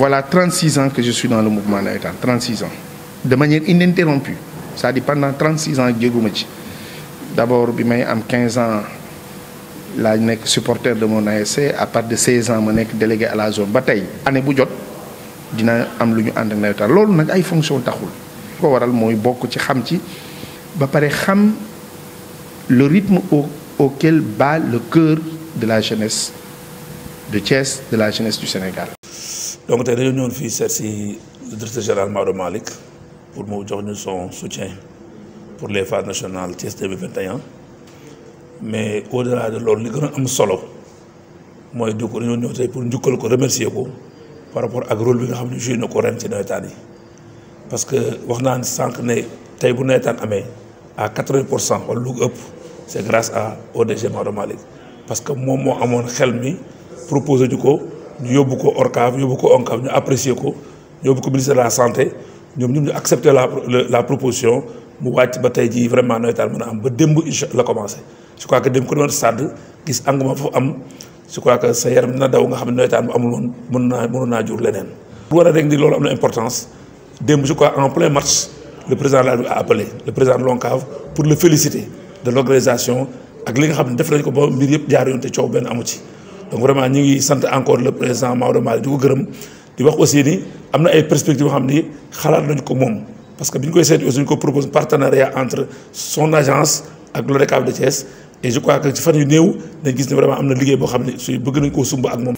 Voilà 36 ans que je suis dans le mouvement naïtan, 36 ans, de manière ininterrompue. C'est-à-dire pendant 36 ans, Diego D'abord, suis 15 ans, je supporter de mon ASC. À part de 16 ans, je suis délégué à la zone. Bataille, je suis dina am luñu ñu ànd nawetaan loolu ay fonction taxul ko waral moy bokku ci xam ci ba paré xam le rythme au auquel bat le cœur de la jeunesse de Thiès de la jeunesse du Sénégal donc la réunion ñëwoon fii seet le directeur général Mauro Malik pour mu jox son soutien pour les phases nationales 2021 mais au delà de loolu li gën solo moi du ko dañoo pour remercier par rapport à rôle bi nga xam joué na parce que nous avons ne sànq ne bu à 80 c'est grâce à ODG Mauro Malik. parce que moi, moi, à proposé du coup ñu yóbbu ko ORCAV yóbbu ko ONCAV ñu apprécier ko yóbbu ko ministère de la santé ñoom ñoom ñu accepter la la proposition mu wàcc ba tey jii vraiment nawetaan mën a am ba démb la commencé je crois que dem ko doon stade gis engouement foofu am je crois que sa yaram na daw nga xam ne nawetaan bu amul woon mën naa mënoon naa jur leneen. pour war a rek ni loolu am na importance démb je crois en plein match le président la a appelé le président de pour le féliciter de l'organisation ak li nga xam ne def nañ ko ba mbir yëpp jaar yoon te coow benn amu ci donc vraiment ñi ngi sant encore le président Maodo Mal di ko gërëm di wax aussi ni amna ay perspectives xamni xalaat nañu ko mom parce que biñ koy seeti aussi ñu ko propose partenariat entre son agence ak l'ODCAV de Thiès et je crois que ci fan yu néew dañ gis ni vraiment amna na liggéey boo xam ne bëgg nañ ko sumb ak mom